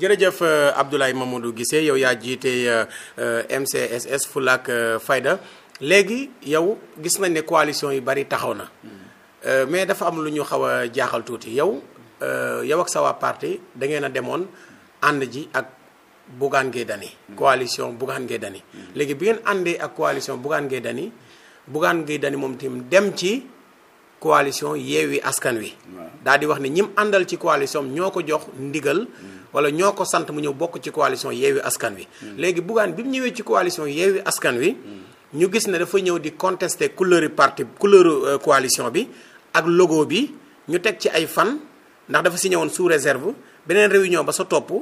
jërëjëf euh, Abdoulaye Mamadou gisee yow yaa jiite euh, euh, MCSS Fulla ak Fayda léegi yow gis nañ ne coalition yu bari taxaw na mais dafa am lu ñu xaw a jaaxal tuuti yow yow ak sa waa parti da ngeen a demoon ànd ji ak Bougane Gueye Dany coalition Bougane Gueye Dany léegi bi ngeen àndee ak coalition Bougane Gueye Dany Bougane Gueye Dany moom tim dem ci coalition Yewwi Askan Wi. dal di wax ne ñim àndal ci coalition ñoo ko jox ndigal. wala ñoo ko sant mu ñëw bokk ci coalition Yewwi Askan Wi. Hmm. léegi Bougane bi mu ñëwee ci coalition Yewwi Askan Wi. Hmm. ñu gis ne dafa ñëw di contester couleur parti couleur euh, coalition bi ak logo bi ñu teg ci ay fan ndax dafa si ñëwoon sous réserve beneen réunion ba sa topp.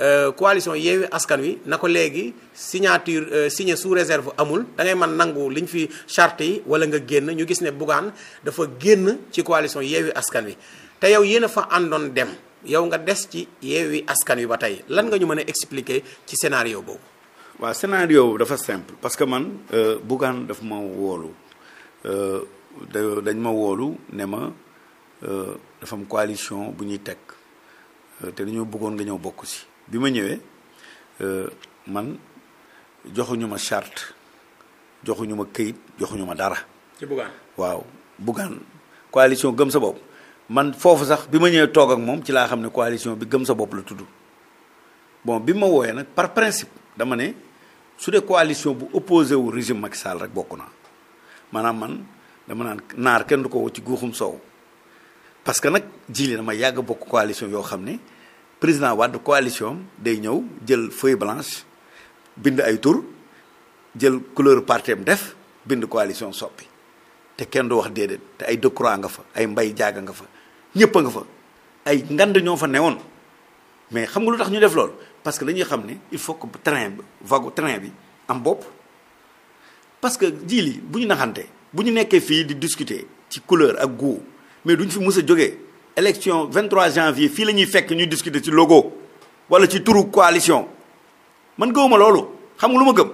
Euh, coalition Yewwi Askan Wi na ko léegi signature euh, signé sous réserve amul da man mën nangu liñ fi charte yi wala nga génn ñu gis ne Bougane dafa génn ci coalition Yewwi Askan Wi te yow yéen a fa àndoon dem yow nga des ci Yewwi Askan Wi ba tey lan nga ñu mën a expliquer ci scénario boobu. waa scénario dafa simple parce que man euh, Bougane daf ma woolu dañ ma woolu ne ma dafa am coalition bu ñuy teg te dañoo bëggoon nga ñëw bokku si. bi ma ñëwee euh, man joxuñu ma charte joxuñu ma këyit joxuñu ma dara. ci Bougane waaw Bougane coalition gëm sa bopp man foofu sax bi ma ñëwee toog ak moom ci laa xam ne coalition bi gëm sa bopp la tudd bon bi ma wooyee nag par principe dama ne su dee coalition bu opposé wu régime Macky Sall rek bokk naa maanaam man dama naan naar kenn du ko ci guuxum soow parce que nag jili dama yàgg bokk coalition yoo xam ne. président Wade coalition day ñëw jël feuille blanche bind ay tur jël couleur partem def bind coalition soppi te kenn du wax déedéet te ay Decroix nga fa ay Mbaye Diaga nga fa ñëpp a nga fa ay ngande ñoo fa newoon mais xam nga lu tax ñu def loolu parce que dañuy xam ni il faut que train bi vague train bi am bopp parce que jii lii bu ñu naxante bu ñu nekkee fii di discuter ci couleur ak goût mais duñ fi mës a jógee élection 23 janvier fii la ñuy fekk ñu discuter ci logo wala ci turu coalition man gëwuma loolu xam nga lu ma gëm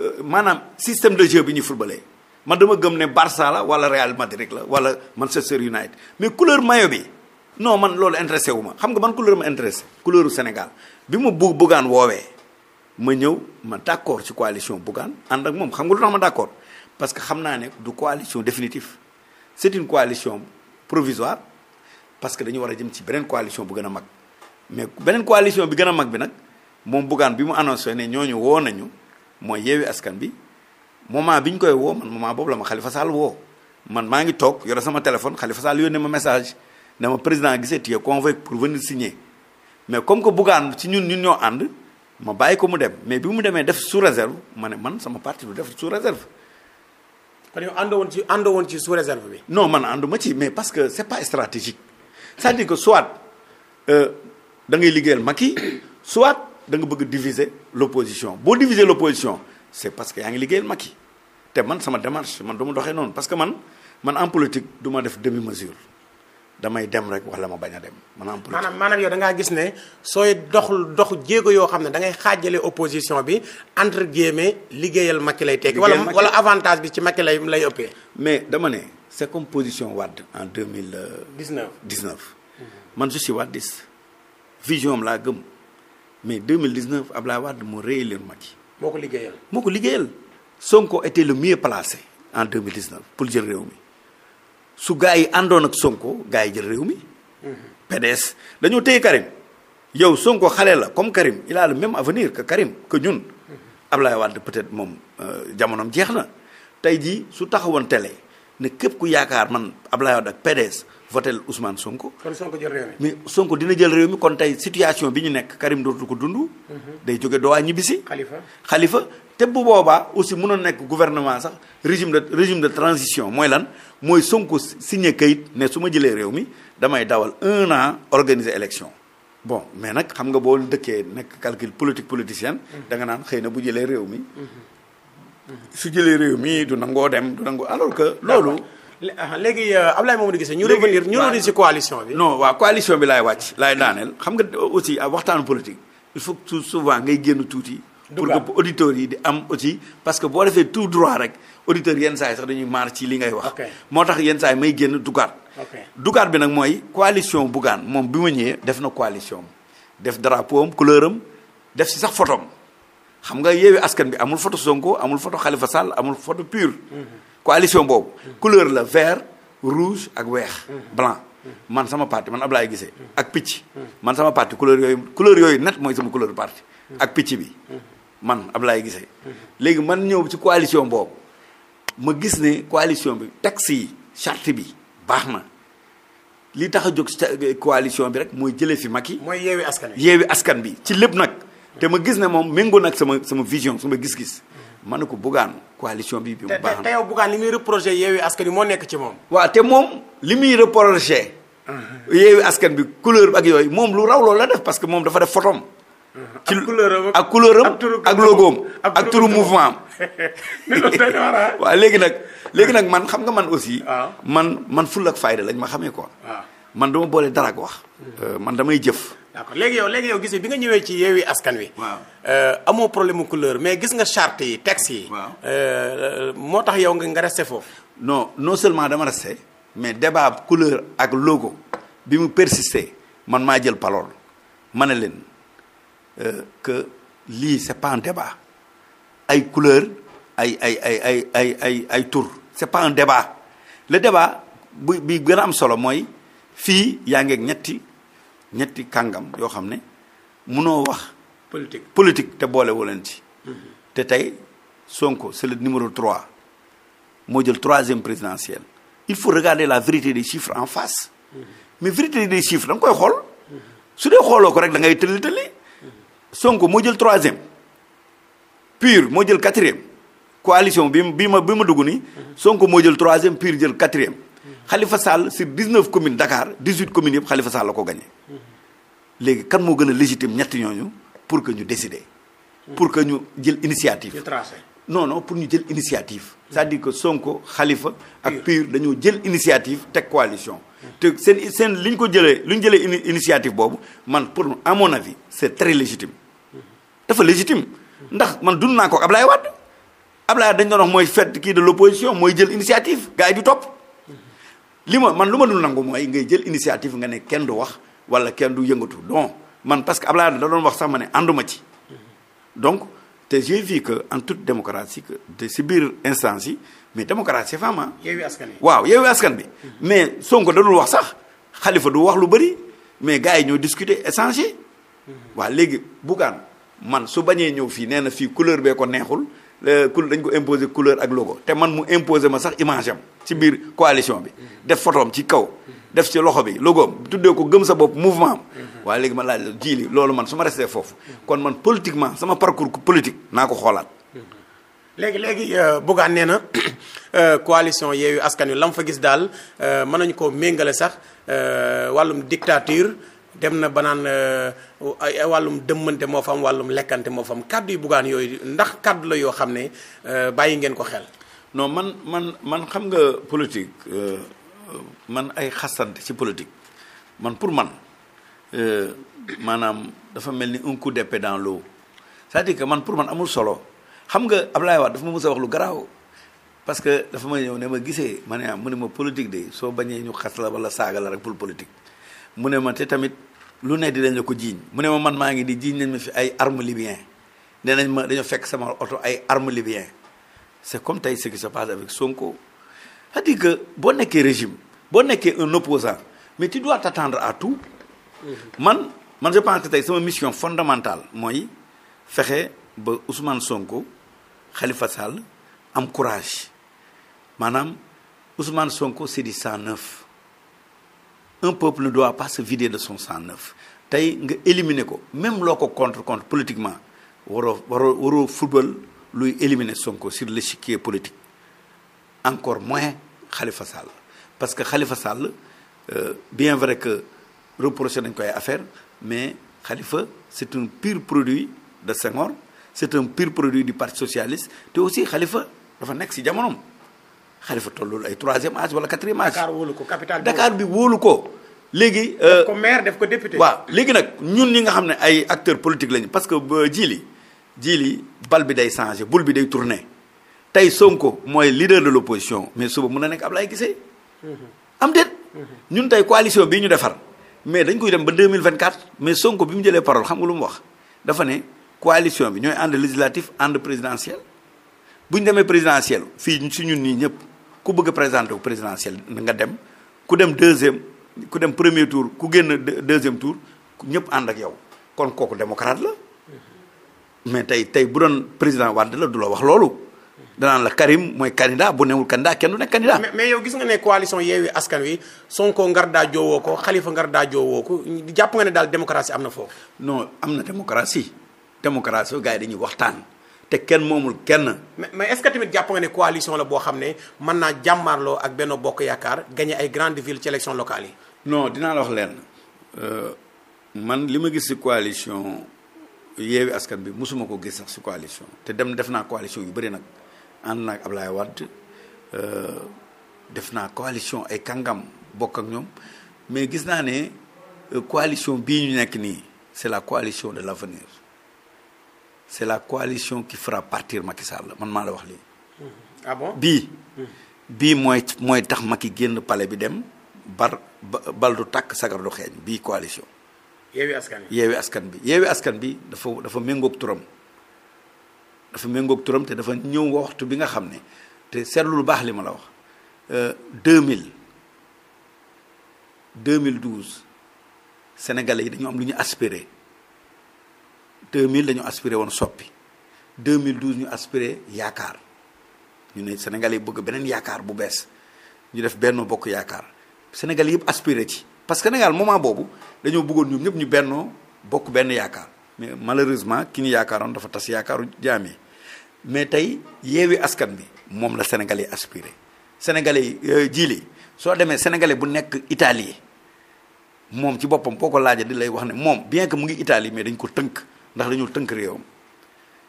euh, maanaam système de jeu bi ñuy footballé man dama gëm ne Barça la wala Real Madrid la wala Manchester United mais couleur maillot bi non man loolu intéressé wu ma xam nga man couleur ma intéressé couleuru Sénégal bi ma bu Bougane woowee ma ñëw ma d' accord ci coalition Bougane ànd ak moom xam nga lu tax ma d' accord parce que xam naa ne du coalition définitive c' est une coalition provisoire parce que dañu war a jëm ci beneen coalition bu gën a mag mais beneen coalition bi gën a mag bi nag moom Bougane bi mu annoncé ne ñooñu woo nañu mooy yeewi askan bi moment bi ñu koy woo man moment boobu la ma Khalifa woo man maa ngi toog yore sama téléphone Khalifa Sall yónnee ma message ne ma président gisee tu es pour venir signer mais comme que buggaan ci ñun ñun ñoo ànd ma bàyyi ko mu dem mais bi mu demee def sous réserve ma ne man sama parti du def sous réserve dañoo àndoo woon ci àndoo woon ci sous réserve bi. no man ànduma ci mais parce que c'est pas stratégique cest que soit da ngay liggéeyal Macky soit da nga bëgg diviser l'opposition boo diviser l'opposition c'est parce que yaa ngi liggéeyal Macky te man sama démarche man du ma doxee noonu parce que man man en politique duma def demi-mesure. damay dem rek wala ma bañ a dem maanaam. maanaam maanaam yow da ngaa gis ne sooy dox dox jéego yoo xam ne da ngay xaajale opposition bi entre guillemets liggéeyal Macky lay teg. wala wala avantage bi ci Macky lay lay ëppee. mais dama ne c'est comme position Wade en deux mille euh, dix-neuf man je suis wadiste vision am laa gëm mais deux mille dix-neuf Ablaye Wade mu réélire Macky. moo ko liggéeyal moo ko liggéeyal Sonko était le mieux placé en deux mille dix-neuf pour jël réew mi. su gaa yi àndoon ak Sonko gaa yi jël réew mi. PDS dañoo téye Karim yow Sonko xale la comme Karim il a le même avenir que Karim que ñun. Ablaye Wade peut-être moom euh, jamonoom jeex na tey jii su taxawoon tele ne képp ku yaakaar man Ablaye Wade ak PDS votel Ousmane Sonko. kon Sonko jël mais Sonko dina jël réew mi kon tey situation bi ñu nekk Karim dootu ko dund. Mhm. day jóge doo waa ñibbisi. Khalifa Khalifa te bu boobaa aussi mënoon nekk gouvernement sax régime de régime de transition mooy lan. mooy Sonko signé kayit ne su ma jëlee réew mi damay dawal un an organiser élection bon mais nag xam nga boo dëkkee nekk calcul politique politicienne da nga naan xëy na bu jëlee réew mi su jëlee réew mi du nangoo dem du nangoo alors que loolu ah, léegi euh, Abdoulaye Mamadou Guissé ñu revenir ñu revenir ci coalition bi no waaw coalition bi laay wàcc lay daaneel xam nga aussi waxtaanu politique il faut que souvent ngay génn tuuti pour que auditeurs yi di am aussi parce que boo defee tout droit rek auditeurs yenn saa sax dañuy maar ci li ngay wax. moo tax yenn saa yi may génn dugaat. dugaat bi nag mooy coalition Bougane moom bi ma ñëwee def na coalition def drapeau am couleur am def si sax photo xam nga yeewi askan bi amul photo Sonko amul photo Khalifa Sall amul photo pure. Mhm. coalition boobu mhm. couleur la vert rouge ak weex. Mhm. blanc man sama parti man Ablaye Guissé ak picc. man sama parti couleur yooyu couleur yooyu net mooy sama couleur parti. ak picc bi man ab laay Guissé léegi man ñëw ci coalition boobu. ma gis ne coalition bi texte yi charte bi baax na li tax a jóg coalition bi rek mooy jëlee fi Macky. mooy yeewi askan wi askan bi ci lépp nag. te ma gis ne moom méngoo nag sama sama vision sama gis-gis. ma ne ko Bougane coalition bi bi mu baax na te yow Bougane li muy reproché yeewi askan bi moo nekk ci moom. waaw te moom li muy reproché. Ah, ah. yeewi askan bi couleur ak yooyu moom lu raw loolu la def parce que moom dafa def fotoom. ci ak couleur am ak logoom ak turu mouvement ah. léegi nag léegi nag man xam nga man aussi. Ah. man man ful ak fayda lañ ma xamee quoi. Ah. man dama boole dara ak wax. Euh, man damay jëf. léegi yow léegi yow gis bi nga ñëwee ci Yewwi Askan Wi. waaw euh, amoo problème mu couleur mais gis nga charte yi texte yi. Euh, moo tax yow nga resté foofu. non non seulement dama resté mais débat couleur ak logo bi mu persister man maa jël parole ma ne leen. que lii c'est pas un débat ay couleur ay ay ay ay ay ay ay tour c'est pas un débat le débat bu bi gën a am solo mooy fii yaa ngeeg ñetti ñetti kàngam yoo xam ne noo wax politique politique te boole wu leen ci mm-hmm. te tey Sonko c'est le numéro trois moo jël troisième présidentielle il faut regarder la vérité des chiffres en face mm-hmm. mais vérité des chiffres da koy xool mm-hmm. su dee xooloo ko rek da tëlli tëlli Sonko moo jël troisième PUR moo jël quatrième coalition bi bi ma bi ma dugg nii Sonko moo jël troisième PUR jël quatrième xalifa Sall sur 19 commune Dakar 18 communes yëpp Khalifa Sall la ko gagné léegi kan moo gën a légitime ñetti ñooñu pour que ñu décider. pour que ñu jël initiative. non non pour ñu jël initiative. c'est-à-dire que Sonko xalifa ak PUR dañoo jël initiative teg coalition. te seen seen li ñu ko jëlee li ñu jëlee initiative boobu man pour à mon avis c'est très légitime. dafa légitime ndax man dund naa ko Ablaye Wade Ablaye Wade dañ doon wax mooy fête kii de l'opposition mooy jël initiative gars yi di topp li ma man lu ma dul nangu mooy ngay jël initiative nga ne kenn du wax wala kenn du yëngatu donc man parce que Ablaye Wade da doon wax sax ma ne ànduma ci donc te j'ai vu que en toute démocratie que te si biir instance yi mais démocratie femme yeewu askan bi waaw yeewu askan bi mais Sonko da dul wax sax xalifa du wax lu bëri mais gars yi ñoo discuter échanger mm-hmm. waaw léegi Bougane man su bañee ñëw fii nee na fii couleur bee ko neexul couleur dañ ko imposer couleur ak logo te man mu imposer ma sax image ci biir coalition bi def photoom ci kaw def ci loxo bi logo tuddee ko gëm sa bopp mouvement am waaye léegi ma laaj la loolu man su ma restee foofu kon man politiquement sama parcours politique naa ko xoolaat léegi léegi euh, Bougane nee na euh, coalition Yewwi Askan Wi la fa gis daal euh, mën nañu ko méngale sax wàllum dictature dem na ba naan euh, ay wàllum dëmmante moo fam wàllum lekkante moo fa am kàddu yu buggaan yooyu ndax kàddu la yoo xam ne euh, bàyyi ngeen ko xel. non man man man xam nga politique euh, man ay xasante ci politique man pour man maanaam dafa mel ni un coup d'épée dans l'eau c'est-à-dire que man pour man amul solo xam nga Abdoulaye Wade dafa ma mës a wax lu garaaw parce que dafa ma ñëw ne ma gisee ma ne ah, mu ne ma politique de soo bañee ñu xas la wala saaga la rek pour politique. mu ne ma te tamit lu ne di dañ la ko jiiñ mu ne ma man maa ngi di jiiñ nañ ma fi ay arme libyen nee nañ ma dañoo fekk sama oto ay arme libyen c'est comme tey ce qui se passe avec Sonko cest à que boo nekkee régime boo nekkee un opposant mais tu dois t'attendre à tout man man je pense que tey sama mission fondamentale mooy fexe ba Ousmane Sonko Khalifa Sall am courage maanaam Ousmane Sonko c'est du sang un peuple ne doit pas se vider de son sang neuf tey nga éliminer ko même loo ko contre contre politiquement waroo waroo football luy éliminer Sonko sur l'échiquier politique encore moins Khalifa Sall parce que Khalifa Sall euh, bien vrai que reproché nañ koy affaire mais Khalifa c'est un pur produit de Senghor c'est un pur produit du Parti socialiste te aussi Khalifa dafa nekk si jamonoom. xalifa tollul ay troisième âge wala quatrième âge. Dakar ko capital Dakar bi wóolu ko. léegi def euh, ko maire ko député. waaw léegi nag ñun ñi nga xam ne ay acteur politiques lañu parce que euh, jili jili bal bi day changé bul bi day tourné tey Sonko mooy leader de l' opposition mais suba mun a nekk lay Gisee. Mm-hmm. am déet. Mm-hmm. ñun tey coalition bii ñu defar mais dañ koy dem ba 2024 mais Sonko bi mu jëlee parole xam nga lu mu wax dafa ne coalition bi ñooy ànd législatif ànd présidentiel bu ñu demee présidentiel fii si ñun nii ñëpp. ku bëgg a présenté wu présidentiel nga dem ku dem deuxième ku dem premier tour ku génn deuxième tour ñëpp ànd ak yow kon kooku démocrate la mais tey tey bu doon président Wade la du la wax loolu. danaan la Karim mooy candidat bu newul candidat kenn du nekk candidat. mais mais yow gis nga ne coalition Yewwi Askan Wi Sonko ngar daa joowoo ko xalifa ngar daa joowoo ko jàpp nga ne daal démocratie am na foofu. non am na démocratie démocratie gars yi dañuy waxtaan. te kenn moomul kenn. mais mais est tamit jàpp nga ne coalition la boo xam ne mën naa jàmmaarloo ak Benno Bokk Yaakaar gagné ay grandes villes ci élection locale yi. non dinaa la wax leen euh, man li ma gis ci coalition Yewwi Askan bi mosuma ko gis sax ci coalition te dem def naa coalition yu bëri nag ànd naa ak Ablaye Wade euh, def naa coalition ay kangam bokk ak ñoom mais gis naa ne euh, coalition bii ñu nekk nii c'est la coalition de l'avenir. c'est la coalition qui fera partir Macky Sall man maa la wax lii. Ah bii. Hmm. bii mooy mooy tax Macky génn palais bi dem bar bal du tàkk sagar du xeeñ bii coalition. yeewi askan bi yeewi askan bi yeewi askan bi dafa dafa méngoog turam. dafa méngoog turam te dafa ñëw waxtu bi nga xam ne te seetlu lu baax li ma la wax 2000 euh, 2012 sénégalais yi dañu am lu ñu aspiré. mille dañu aspiré woon soppi mille 2012 ñu aspiré yaakaar ñu ne Sénégal yi bëgg beneen yaakaar bu bees ñu def benn bokk yaakaar Sénégal yëpp aspiré ci parce que Sénégal moment boobu dañoo bëggoon ñu ñëpp ñu bennoo bokk benn yaakaar mais malheureusement ki ñu yaakaaroon dafa tas yaakaaru jaam yi mais tey yeewi askan bi moom la Sénégal yi aspiré Sénégalais yi euh, jiili soo demee Sénégalais bu nekk Italie moom ci boppam boo ko laajee di lay wax ne moom bien que mu ngi Italie mais dañ ko tënk ndax dañoo tënk réew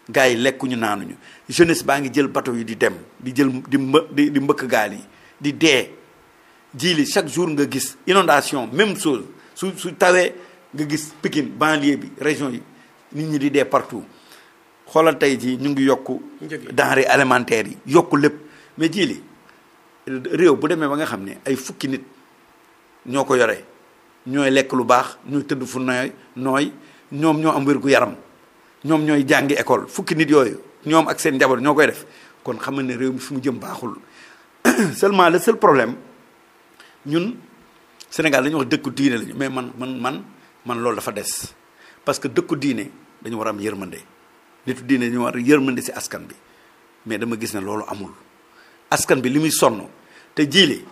gars yi lekkuñu naanuñu jeunesse baa ngi jël bateau yi di dem di jël di mbë di mbëkk gaal yi di dee ji li chaque jour nga gis inondation même chose su su tawee nga gis Pikine banlieue bi région yi nit ñi di dee partout xoolal tey jii ñu ngi yokku denrées alimentaire yi yokku lépp mais ji li réew bu demee ba nga xam ne ay fukki nit ñoo ko yore ñooy lekk lu baax ñooy tëdd fu nooy nooy ñoom ñoo am wér-gu-yaram ñoom ñooy jàngi école fukki nit yooyu ñoom ak seen njaboot ñoo koy def kon xam ne réew mi fi mu jëm baaxul seulement la seul problème ñun Sénégal dañu wax dëkku diine lañu mais man man man man loolu dafa des parce que dëkku diine dañu war a am yërmande nitu diine dañu war a si askan bi mais dama gis ne loolu amul askan bi li muy sonn te jiile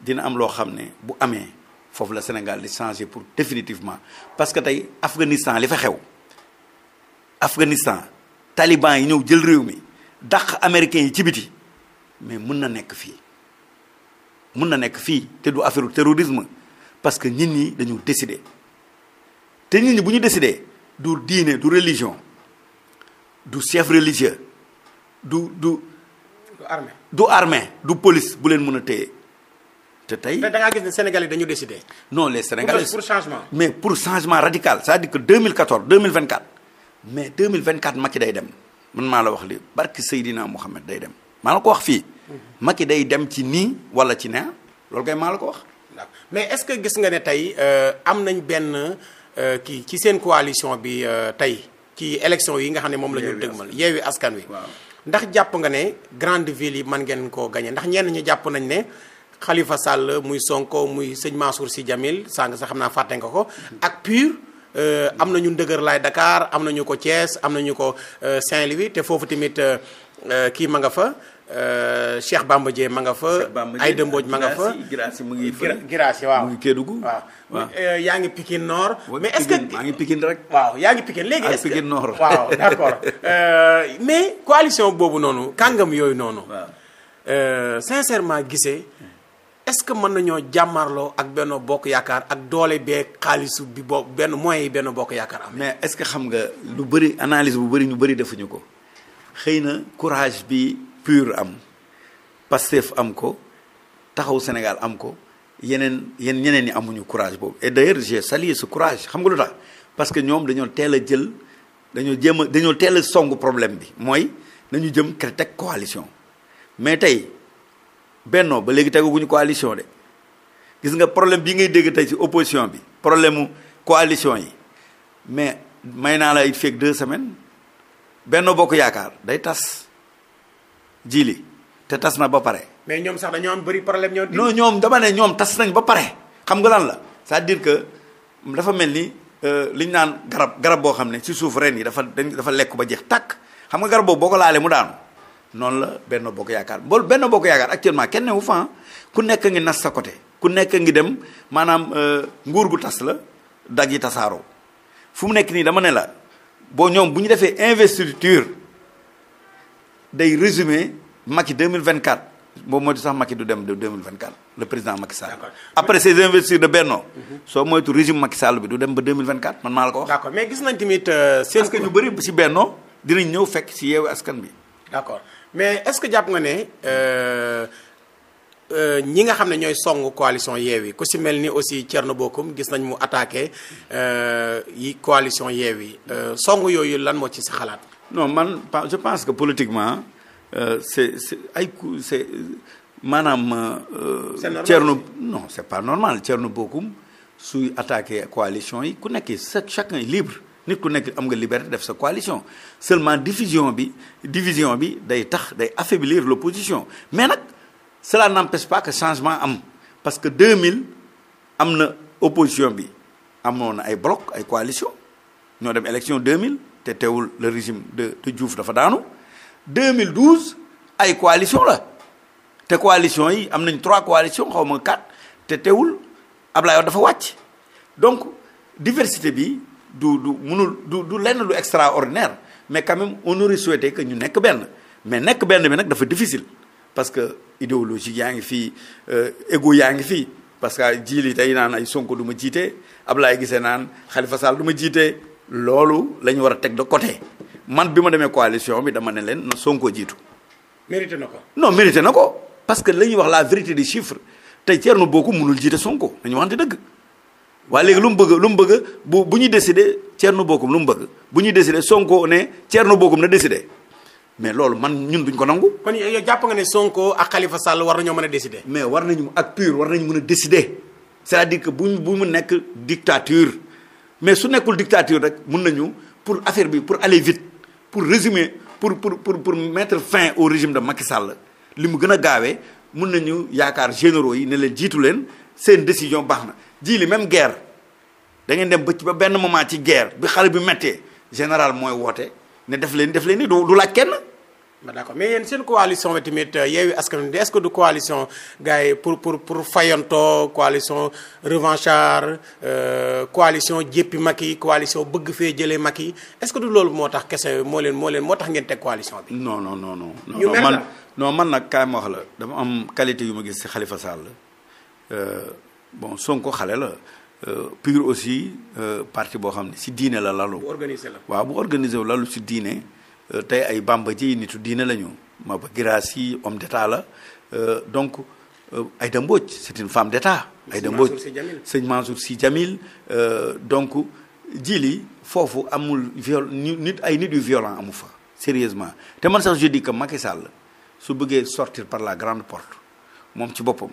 dina am loo xam ne bu amee foofu la Sénégal di changé pour définitivement parce que tey Afghanistan li fa xew Afghanistan taliban yi ñëw jël réew mi dàq américains yi ci biti mais mun na nekk fii mun na nekk fii te du affaire terrorisme parce que nit ñi dañu décider te nit ñi bu ñu décider du diine du religion du chef religieux du du. du armée du armée police bu leen mun a téye. te tey te da ngaa gis ne Sénégalais dañu décidé. non les Sénégalais pour changement. mais pour changement radical c'est-à-dire que 2014 2024 mais 2024 Macky day dem man maa la wax li barki Seydina Mohamed day dem maa ko wax fii. Macky day dem ci nii wala ci nee loolu kay maa la ko wax. mais est-ce que gis nga ne tey euh, am nañ benn euh, kii ci seen coalition bi euh, tey ci élection yi nga xam ne moom la ñu dëgmal yeewi askan wi. ndax jàpp nga ne grande ville yi man ngeen koo gagné ndax ñenn ñi jàpp nañ ne. Khalifa Sall muy Sonko muy sëñ Mansour Sy Djamil sàng sa xam naa fàtte nga ko ak PUR euh, am nañu ndëgër laay Dakar am nañu ko Thiès am nañu ko euh, Saint-Louis te foofu tamit euh, kii ma nga fa Cheikh Bamba Dieng ma nga fa. Aïda Mbodj ma nga fa Girassi mu ngi Girassi waaw waaw yaa ngi pikin noor mais est-ce que maa ngi Pikine rek. waaw yaa ngi Pikine léegi est mais coalition boobu noonu kàngam yooyu noonu. sincèrement gisee. est-ce que mën nañoo jàmmarloo ak benn Bokk Yaakaar ak doole bee xaalisu bi boobu benn moyens yi Benno Bokk Yaakaar am. mais est-ce que xam nga lu bëri analyse bu bëri ñu bëri defuñu ko xëy na courage bi pur am Pastef am ko taxaw Sénégal am ko yeneen yenn ñeneen ñi amuñu courage boobu et d'ailleurs j'ai salué ce courage xam nga lu tax parce que ñoom dañoo teel a jël dañoo jéem a dañoo teel a songu problème bi mooy nañu jëm teg coalition mais tey. bennoo ba léegi tegaguñu coalition de gis nga problème bi ngay dégg tey ci opposition bi problème mu coalition yi mais may naa la it feeg deux semaines bennoo bokk yaakaar day tas jii li te tas na ba pare. mais ñoom sax dañoo am bëri problème ñoo. non ñoom dama ne ñoom tas nañ ba pare xam nga lan la c'est-à-dire que dafa mel ni euh, li ñu naan garab garab boo xam ne ci suuf ren yi dafa dañ dafa lekk ba jeex tàkk xam nga garab boobu boo ko laalee mu daanu. noonu la benn bokk yaakaar bool benn bokk yaakaar actuellement kenn wu fa ah. ku nekk ngi nas sa côté ku nekk ngi dem maanaam euh, nguur gu tas la daj yi tasaaroo fu mu nekk nii dama ne la boo ñoom bu ñu defee investiture day résumé Macky 2024 boobu moytu sax Macky du dem de 2024 le président Macky Sall. après ces investitures de Benno. Mhm. soo moytu régime Macky Sall bi du dem ba 2024 man maa la ko wax. d'accord mais gis nañ tamit euh, seen. parce que ñu bëri si Benno dinañ ñëw fekk si yeewu askan bi. d'accord mais est-ce que jàpp nga ne. Euh, euh, ñi nga xam ne ñooy song coalition yi ku si mel ni aussi Thierno Bocoum gis nañ mu attaqué euh, yi coalition yi song yooyu lan moo ci sa xalaat. non man je pense que politiquement c'est c'est ay ku c'est maanaam. c'est normal Thierno non c'est pas normal Thierno Bocoum suy attaqué coalition yi ku nekk chaque chacun est libre. nit ku nekk am nga liberté def sa coalition seulement diffusion bi division bi day tax day affaiblir l'opposition mais nag cela n'empêche pas que changement am parce que 2000 am na opposition bi amoon na ay bloc ay coalition ñoo dem élection mille te teewul le régime de de Diouf dafa daanu 2012 ay coalition la te coalition yi am nañ trois coalition xaw ma quatre te teewul Ablaye Wade dafa wàcc donc diversité bi du du munul du du lenn lu extraordinaire mais quand même on aurait souhaité que ñu nekk benn mais nekk benn bi nag dafa difficile parce que idéologie yaa ngi fii égo euh, yaa ngi fii parce que jii li tey naan ay Sonko du ma jiite Ablaye gisee naan Khalifa Sall du ma jiite loolu la ñu war a teg de côté man bi ma demee coalition bi dama ne leen na Sonko jiitu. mérité na ko. non mérité na ko parce que la ñuy wax la vérité des chiffres tey Thierno Bocoum mënul jiite Sonko dañu waxante dëgg. waaye léegi lu mu bëgg lu mu bëgg bu bu ñuy décider Thierno Bocoum lu mu bëgg bu ñuy décider Sonko ne Thierno bookum na décider mais loolu man ñun duñ ko nangu. kon yow jàpp nga ne Sonko ak kalifa Sall war na ñoo mën a décider. mais war nañu ak PUR war nañu mun a décider c'est-à-dire que bu bu mu nekk dictature mais su nekkul dictature rek mun nañu pour affaire bi pour aller pour résumer pour pour pour pour mettre fin au régime de Macky Sall li mu gën a gaawee mun nañu yaakaar généraux yi ne leen jiitu leen seen décision baax na. diili même guerre da ngeen dem ba ba benn moment ci guerre bi xale bi méttee général mooy woote ne def leen def leen ni du laaj kenn. ba d' accord mais yéen seen coalition bi tamit euh, Yewwi Askan Wi est-ce que du coalition gars yi pour pour pour fayantoo coalition revanchard euh, coalition jéppi yi coalition bëgg fee jëlee Macky est-ce que du loolu moo tax kese moo leen moo leen moo tax ngeen teg coalition bi. non non non non. man non man nag kaay wax la dama am qualité yu ma gis ci xalifa Sall. Euh, bon Sonko xale la euh, PUR aussi euh, parti boo xam ne si diine la lalu. bu organisé la waaw bu organisé lalu si diine euh, tey ay bamba ji nitu diine la ñu Maba Guirassy yi homme d'état la donc Aïda Mbodj c'est une femme d'état. Aïda Mbodj sëñ Mansour Sy Djamil donc jili foofu amul viol nit ay nit yu violent amu fa sérieusement te man sax je dis que Macky su bëggee sortir par la grande porte moom ci boppam.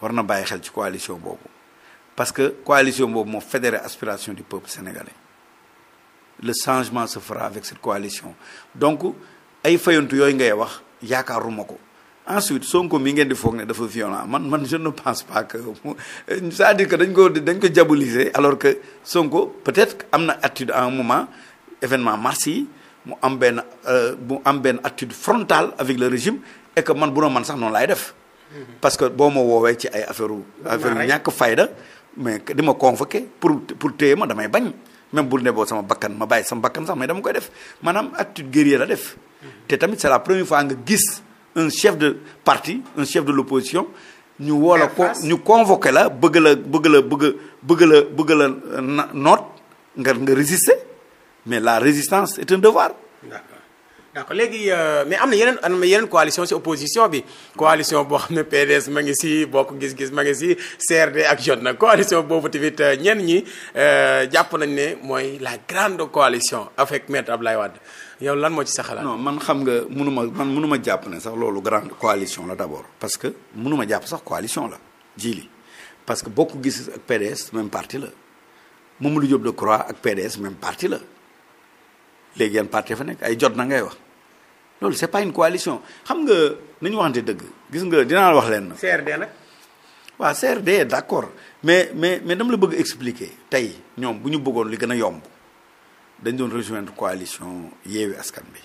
war na bàyyi xel ci coalition boobu parce que coalition boobu moo fédéré aspiration du peuple sénégalais le changement se fera avec cette coalition donc ay fayantu yooyu ngay wax yaakaaruma ko ensuite Sonko mi ngeen di foog ne dafa violent man man je ne pense pas que c'est-à-dire que dañ ko dañ ko diaboliser alors que Sonko peut-être am na attitude à un moment événement mars yi mu am benn euh, mu am benn attitude frontale avec le régime et man bu doon man sax noonu laay def Mhm. parce que boo ma woowee ci ay affaire affaire ñàkk fayda mais di ma convoqué pour pour téye ma damay bañ même bu ne boo sama bakkan ma bàyyi sama bakkan sax mais dama koy def maanaam attitude guerrière la def mhm. te tamit c'est la première fois nga gis un chef de parti un chef de l'opposition ñu woo la ko ñu convoqué la bëgg la bëgg la bëgg bëgg la bëgg la euh, noot nga nga résister mais la résistance est un devoir d'accord léegi euh, mais am na yeneen am na yeneen coalition ci opposition bi coalition boo xam ne PDS ma si ci bokk gis-gis ma ngi ci CRD ak jot nag coalition boobu tamit euh, ñenn ñi euh, jàpp nañ ne mooy la grande coalition avec maître lay Wade yow lan moo ci sa xalaat. non man xam nga mënuma man mënuma jàpp ne sax loolu grande coalition la d'abord parce que mënuma jàpp sax coalition la ji li parce que bokk gis ak PDS même parti la Mamadou Diop Decroix ak PDS même parti la léegi yan parti fa nekk ay jot na ngay wax. loolu c'est pas une coalition xam nga nañu waxante dëgg gis nga dinaa la wax leen. CRD nag. waaw CRD d'accord mais mais mais dama la bëgg expliquer tey ñoom bu ñu bëggoon li gën a yomb dañ doon rejoindre coalition Yewwi Askan bi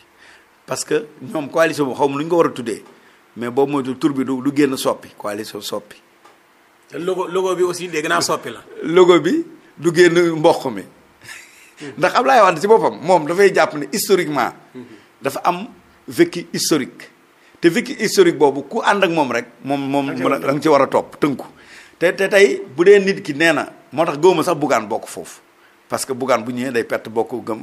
parce que ñoom coalition bu xaw ma lu ñu ko war a tuddee mais boobu mooy tur bi du du génn soppi coalition soppi. te logo logo bi aussi dégg naa soppi la. logo bi du génn mboq mi ndax Ablaye Wade ci boppam moom dafay jàpp ne historiquement mhm. dafa am. vécu historique te vécu historique boobu ku ànd ak moom rek moom moom a danga ci war a topp tënku te te tey bu dee nit ki nee na moo tax gëwuma sax buggaan bokk foofu parce que buggaan bu ñëwee day perte bokk gëm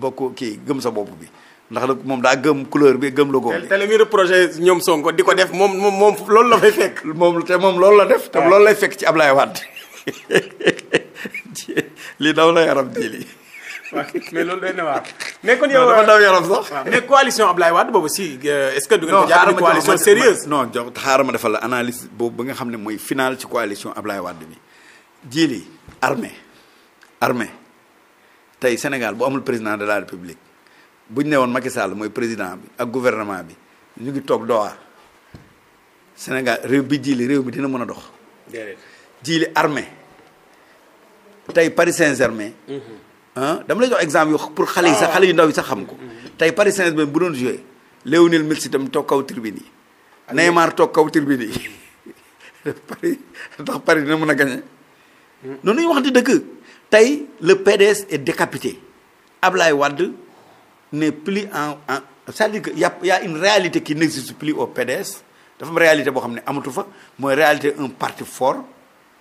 bokk kii gëm sa bopp bi ndax nag moom daa gëm couleur bi gëm logo bi. te li muy di ko def moom moom moom loolu la fay fekk. moom te moom loolu la def. te loolu lay fekk ci Ablaye Wade lii daw la yaram jëli. waaw mais loolu doy na waar. mais kon yow dafa daw euh, yaram sax. mais coalition Ablaye Wade boobu si est euh, jox xaaral defal analyse boobu nga xam ne mooy final ci coalition Ablaye Wade bi jiili armée armée tey Sénégal bu amul président de la République bu ñu ne woon Macky Sall mooy président bi ak gouvernement bi ñu ngi toog Doha Sénégal réew bi jiili réew mi dina mën a dox. jiili armée tey Paris Saint-Germain. Mhm. ah dama lay jox exemple yu pour xale yi sax xale yu ndaw yi sax xam ko tey Paris Saint-Germain bu doon joué Lionel Messi itam toog kaw tribune yi Neymar toog kaw tribune yi Paris ndax Paris dina mën a gagné hmm. noonu ñuy wax di dëkk tey le PDS est décapité Ablaye Wade n'est plus en en c'est-à-dire que y une réalité qui n'existe plus au PDS dafa am réalité boo xam ne amatu fa mooy réalité un parti fort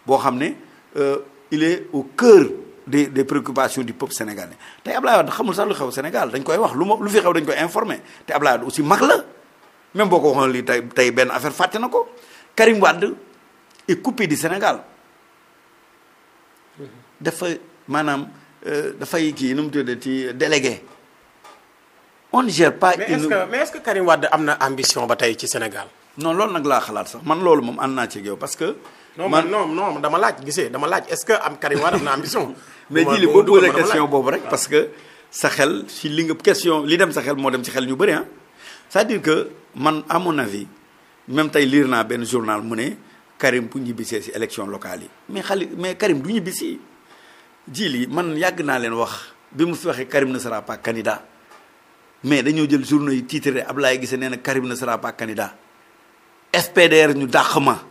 boo xam ne euh, il est au cœur des des préoccupations du peuple sénégalais tey Ablaye Wade xamul sax lu xew Sénégal dañ koy wax lu ma lu fi xew dañ koy informé te Ablaye Wade aussi mag la même boo ko waxoon lii tey tey benn affaire fàtte na ko Karim Wade est coupé Sénégal dafa maanaam euh, dafay kii nu mu tuddee ci délégué on ne gère pas. mais est-ce mais est-ce que am na ambition ba tey ci Sénégal. non loolu nag laa xalaat sax man loolu moom ànd naa ci parce que. non man non non dama laaj gisee dama laaj est-ce que am Karim Wade am na ambition. mais ji li boo posé question boobu rek parce que sa xel si li nga question li dem sa xel moo dem si xel ñu bëri ah. cest que man à mon avis même tey liir naa benn journal mu ne Karim bu ñibbisee si élection locale yi mais xali mais Karim du ñibbisi jii li man yàgg naa leen wax bi mu fi waxee Karim ne sera pas candidat mais dañoo jël journaux yi titré Ablaye Guissé nee na Karim ne sera pas candidat FPDR ñu dàq ma.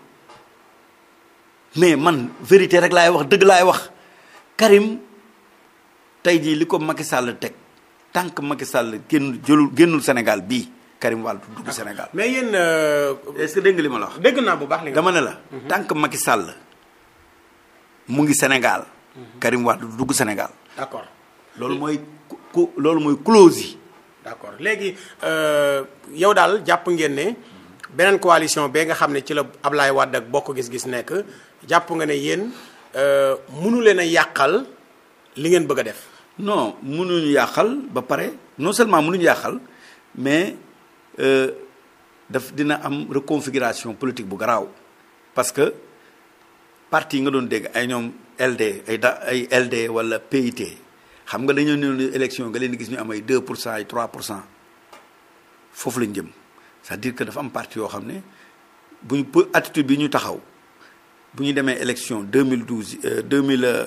mais man vérité rek laay wax dëgg laay wax Karim tey jii li ko Macky sàll teg tant que Macky Sall génn jëlul génnul Sénégal bii Karim Wade Sénégal. mais yéen. Euh, est-ce que dégg wax. dégg naa bu baax li nga dama ne la. tant que Macky mu ngi Sénégal. Mhm. Karim Wade du dugg Sénégal. d'accord loolu mooy ku loolu mooy clause yi. d'accord léegi euh, yow daal jàpp ngeen ne. Mhm. beneen coalition bee nga xam ne ci la ab Ablaye Wade ak Bokk Gis-Gis nekk jàpp nga ne yéen euh, mënu leen a yàqal li ngeen bëgg a def. non mënuñu yàqal ba pare non seulement munuñu yàqal mais euh, daf dina am reconfiguration politique bu garaaw parce que parti yi nga doon dégg ay ñoom LD ay da ay LD wala PIT xam nga dañoo ne élection nga leen di gis ñu am ay deux pour cent ay trois pour cent foofu lañ jëm c'est-à-dire que dafa am partie yoo xam ne buñ attitude bi ñu taxaw. bu ñu demee élection 2012 euh, 2000 euh,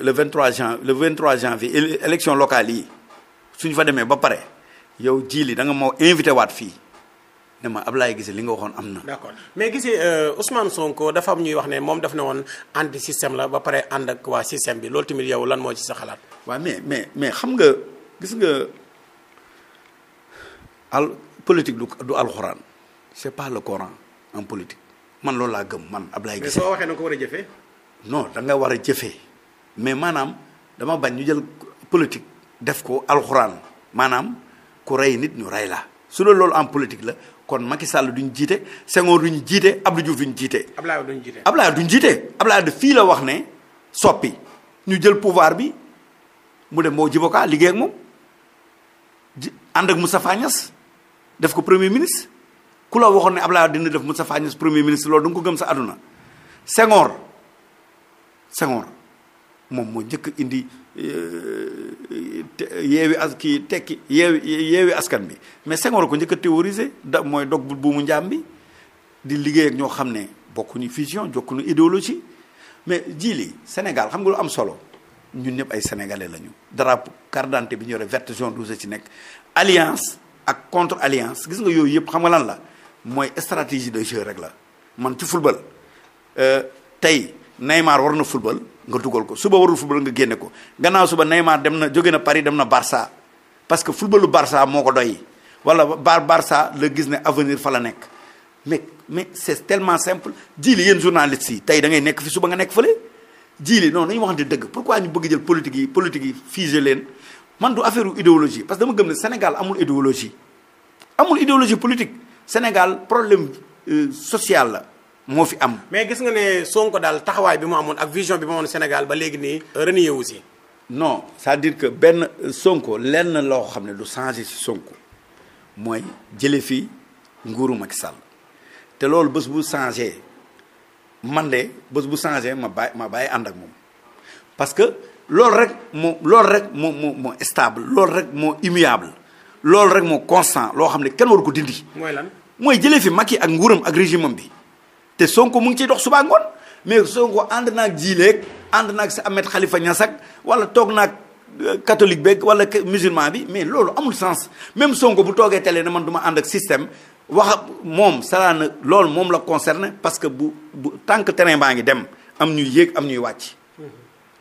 le 23 jan le 23 janvier élection locale yi suñu fa demee ba pare yow jii da danga moo invité waat fii ne ma laay gise li nga waxoon am na. mais Guissé euh, Ousmane Sonko dafa am ñuy wax ne moom daf ne woon anti système la ba pare ànd ak waa système bi loolu tamit yow lan moo ci sa xalaat. waaw mais mais mais xam nga gis nga al politique du du alxuraan c'est pas le courant en politique. man loolu laa gëm man ab Guissé mais soo waxee na ko war a jëfee. non da nga war a jëfee mais maanaam dama bañ ñu jël politique def ko alxuraan maanaam ku rey nit ñu rey la su la loolu en politique la kon Macky Sall duñ jiite Senghor duñ jiite Abdou Diouf ñu jiite. Ablaye duñ jiite Ablaye duñ jiite Ablaye de fii la wax ne soppi ñu jël pouvoir bi mu dem moo jiboka liggéey ak moom ji ànd ak Moustapha Niasse def ko premier ministre. ku la waxoon ne Abdoulaye dina def Moustapha Niasse premier ministre loolu da nga ko gëm sa àdduna Senghor Senghor moom moo njëkk indi euh, yeewi as kii tekki yeewi yeewi askan bi mais Senghor ko njëkk a da mooy dog bu mu njaam bi di liggéey ak ñoo xam ne bokkuñu vision jokkuñu idéologie mais jii lii Sénégal xam nga lu am solo ñun ñëpp ay sénégalais lañu drapeau carte d'identité bi ñu yore vert jaune rouge ci nekk alliance ak contre alliance gis nga yooyu yëpp xam nga lan la. mooy stratégie de jeu rek la man ci football euh, tey Neymar war na football nga dugal ko suba warul football nga génne ko gannaaw suba Neymar dem na jóge na Paris dem na Barça parce que footballu Barça moo ko doy wala Bar Barça la gis ne avenir fa la nekk mais mais c'est tellement simple jii li yéen journalistes yi tey da ngay nekk fi suba nga nekk fële jii li non nañu waxante dëgg pourquoi ñu bëgg jël politique yi politique yi figé leen man du affaire parce que dama gëm ne Sénégal amul idéologie amul idéologie politique Sénégal problème euh, social la moo fi am. mais gis nga ne Sonko daal taxawaay bi mu amoon ak vision bi mu amoon Sénégal ba léegi nii. renié wu non c'est-à-dire que benn euh, Sonko lenn loo xam ne du changé si Sonko mooy jële fii nguuru Macky Sall te loolu bës bu changé man de bés bu changé ma bàyyi ma bàyyi ànd ak moom parce que loolu rek moo loolu rek moo moo stable loolu rek moo immuable. loolu rek moo constant loo xam ne kenn waru ko dindi. mooy lan mooy jëlee fi Macky ak nguuram ak régime am bi te Sonko mu ngi ciy dox suba ngoon mais Sonko ànd naag jiileeg ànd naag si Ahmed Khalifa Niass ak wala toog naag euh, catholique beeg wala musulman bi mais loolu amul sens même Sonko bu toogee télé na man du ma ànd ak système. wax moom salaana loolu moom la concerne parce que bu bu tant terrain baa ngi dem am ñuy yéeg am ñuy wàcc mmh.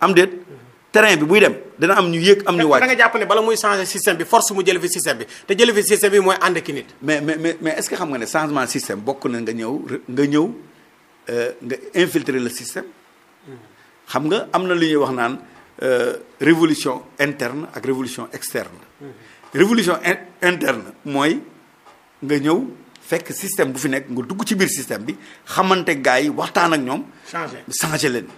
am déet mmh. terrain bi buy dem dana am ñu yëg am ñu wàcc da nga jàpp ne bala muy changer système bi force mu jële fi système bi te jële fi système bi mooy ànd ki nit mais mais mais est-ce que xam nga ne changement système bokk nga ñëw nga euh, nga infiltrer le système xam nga am na lu wax naan euh, révolution interne ak révolution externe révolution interne mooy nga ñëw fekk système bu fi nekk nga dugg ci biir système bi xamante gars yi waxtaan ak ñoom changer changer leen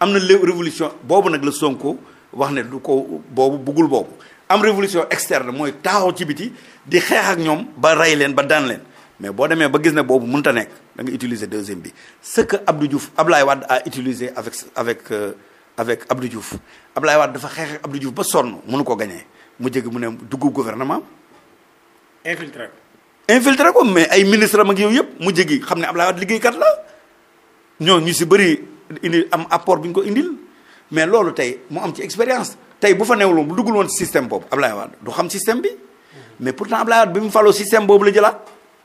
am na révolution boobu nag la Sonko wax ne du ko boobu buggul boobu am révolution externe mooy taaxaw ci biti di xeex ak ñoom ba rey leen ba daan leen mais boo demee ba gis ne boobu mënut ta nekk da nga utiliser deuxième bi ce que Abdou Diouf Ablaye Wade a utilisé avec avec euh, avec Abdou Diouf Ablaye Wade dafa xeex ak Abdou Diouf ba sonn mënu ko gañee mu jéggi mu ne dugg gouvernement infiltré ko infiltré ko mais ay ministre mag ak yow yëpp mu jéggi xam ne Ablaye liggéey kat la ñoo ñu si bëri indi am apport bi ñu ko indil mais loolu tey mu am ci expérience tey bu fa newuloon bu duggul woon ci système boobu Ablaye Wade du xam système bi mais pourtant Ablaye Wade bi mu faloo système boobu la jëlaat.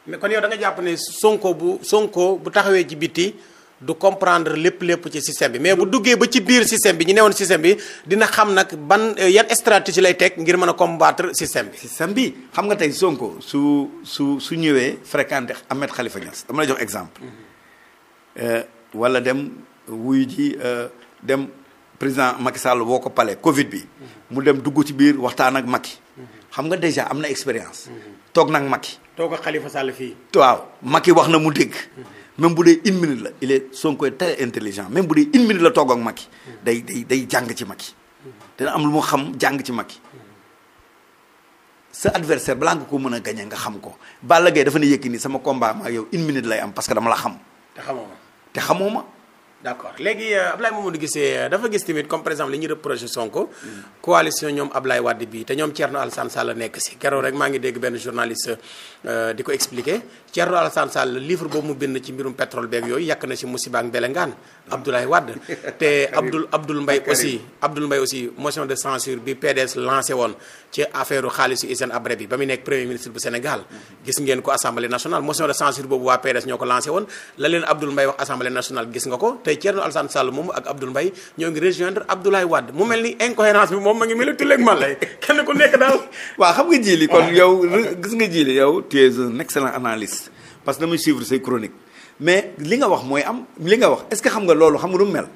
mais kon yow da Sonko bu Sonko bu taxawee ci bitti du comprendre lépp lépp ci système bi mais bu duggee ba ci biir système bi ñu newoon système bi dina xam nag ban euh, yan stratégie lay teg ngir mën a combattre système bi. système bi xam nga tey Sonko su su su ñëwee fréquente Ahmed xalifa Niass dama lay jox exemple. Mhm. Euh, wala dem. wuy ji euh, dem président Macky Sall woo ko pale Covid bi mu dem dugg ci biir waxtaan ak Macky xam nga déjà am na expérience. toog nag Macky. toog ak Khalifa Sall fii. waaw Macky wax na mu dégg. même bu dee une la il est Sonko est même bu dee une la toog ak Macky. day day jàng ci Macky. dina am lu mu xam jàng ci Macky. sa adversaire balaa nga ko mën a gagné nga xam ko Balla Gaye dafa ne yëkk ni sama combat ma yow une minute lay am parce que dama la xam. te xamoo ma te xamoo ma. d' accord léegi euh, Ablaye Mamadou Guissé euh, dafa gis tamit comme par exemple li ñuy reproché Sonko. Mm. coalition ñoom Ablaye Wade bi te ñoom Thierno Alassane Sall nekk si keroog rek maa ngi dégg benn journaliste euh, di ko expliqué Thierno Alassane Sall livre boobu mu bind ci mbirum pétrole beeg yooyu yàq na si musiba ak mbelengaan ah. Abdoulaye Wade. te Abdoul Abdoul mbey aussi Abdoul Mbaye aussi motion de censure bi PDS lancé woon ci affaire xaalisu Hissène Habré bi ba mu nekk premier ministre bu Sénégal. Mm-hmm. gis ngeen ko assemblée boobu waa PDS ñoo woon la leen Abdoul Mbaye wax assemblée gis nga ko. tey Thierno Alassane Sall moom ak Abdoul Mbaye ñoo ngi rejoindre Abdoulaye Wade mu mel ni incohérence bi moom ma ngi mel tulleeg man lay kenn ku nekk daal waaw xam nga jili kon yow gis nga jili yow tu es un excellent analyste parce que damay suivre say chronique mais li nga wax mooy am li nga wax est-ce que xam nga loolu xam nga du mel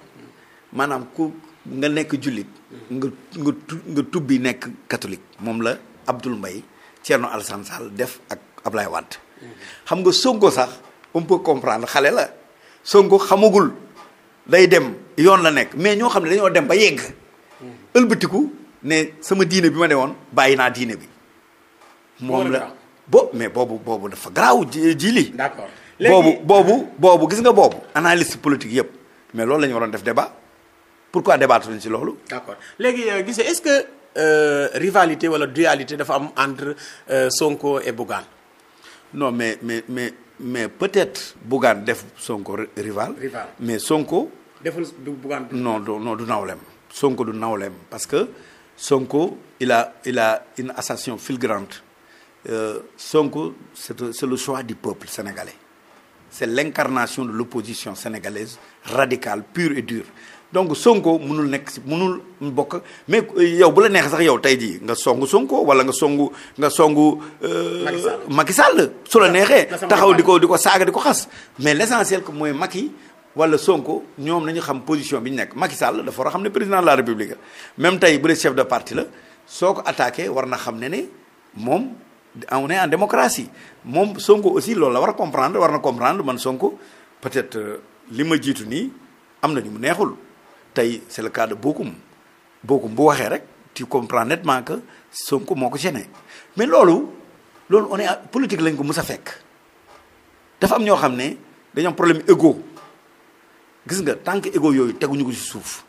maanaam ku nga nekk jullit nga nga nga tubbi nekk catholique moom la Abdoul mbay Thierno Alassane Sall def ak Ablaye Wade mm-hmm. xam nga Sonko sax comprendre xale la Sonko xamagul day dem yoon la nekk mais ñoo xam ne dañoo dem ba yegg ëlbatiku ne sama diine bi ma ne woon bàyyi naa diine bi moom la bo mais boobu boobu dafa garaaw ji li d'accord boobu boobu boobu gis nga boobu analyste politique yëpp mais loolu la ñu waroon def débat pourquoi débattre ñu ci loolu d'accord léegi euh, gis est-ce que euh, rivalité wala duyalité dafa am entre euh, Sonko et Bougane non mais mais mais peut-être Bougane def Sonko rival. mais Sonko. deful du non du non Sonko du nawleem parce que Sonko il a il a une association fulgurante euh, Sonko c'est c'est le choix du peuple sénégalais c'est l'incarnation de l'opposition sénégalaise radicale pure et dure. donc Sonko munul nekk si mënul bokk mais yow bu la neex sax yow tey jii nga songu Sonko wala nga songu nga songu. Euh, Macky Sall su la neexee. taxaw di ko di ko saaga di ko xas. mais l' essentiel que mooy Macky wala Sonko ñoom nañu xam position bi ñu nekk Macky sàll dafa war a xam ne président de la République même tey bu dee chef de parti la soo ko attaqué war na xam ne ni moom on est en démocratie moom Sonko aussi loolu la war a comprendre war na comprendre man Sonko peut-être euh, li ma jiitu nii am na neexul. tey c'est le cas de Bokum Bokum bu waxee rek tu comprends nettement que Sonko moo ko gêné mais loolu loolu one est politique lañ ko mës a fekk dafa am ñoo xam ne dañoo am problème gis nga tant que égo yooyu teguñu ko ci suuf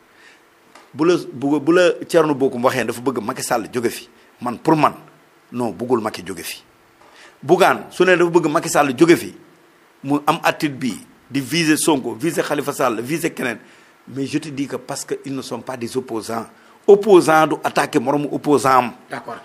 bu la bu bu la Thierno Bokum waxee dafa bëgg Macky sàll jóge fi man pour man noo buggul Macky jóge fi Bougane su ne dafa bëgg Macky sàll jóge fi mu am attitude bi di viser Sonko viser xalifa Sall viser keneen mais je te dis que parce que ils ne sont pas des opposants opposant du attaqué moromu opposant am. d'accord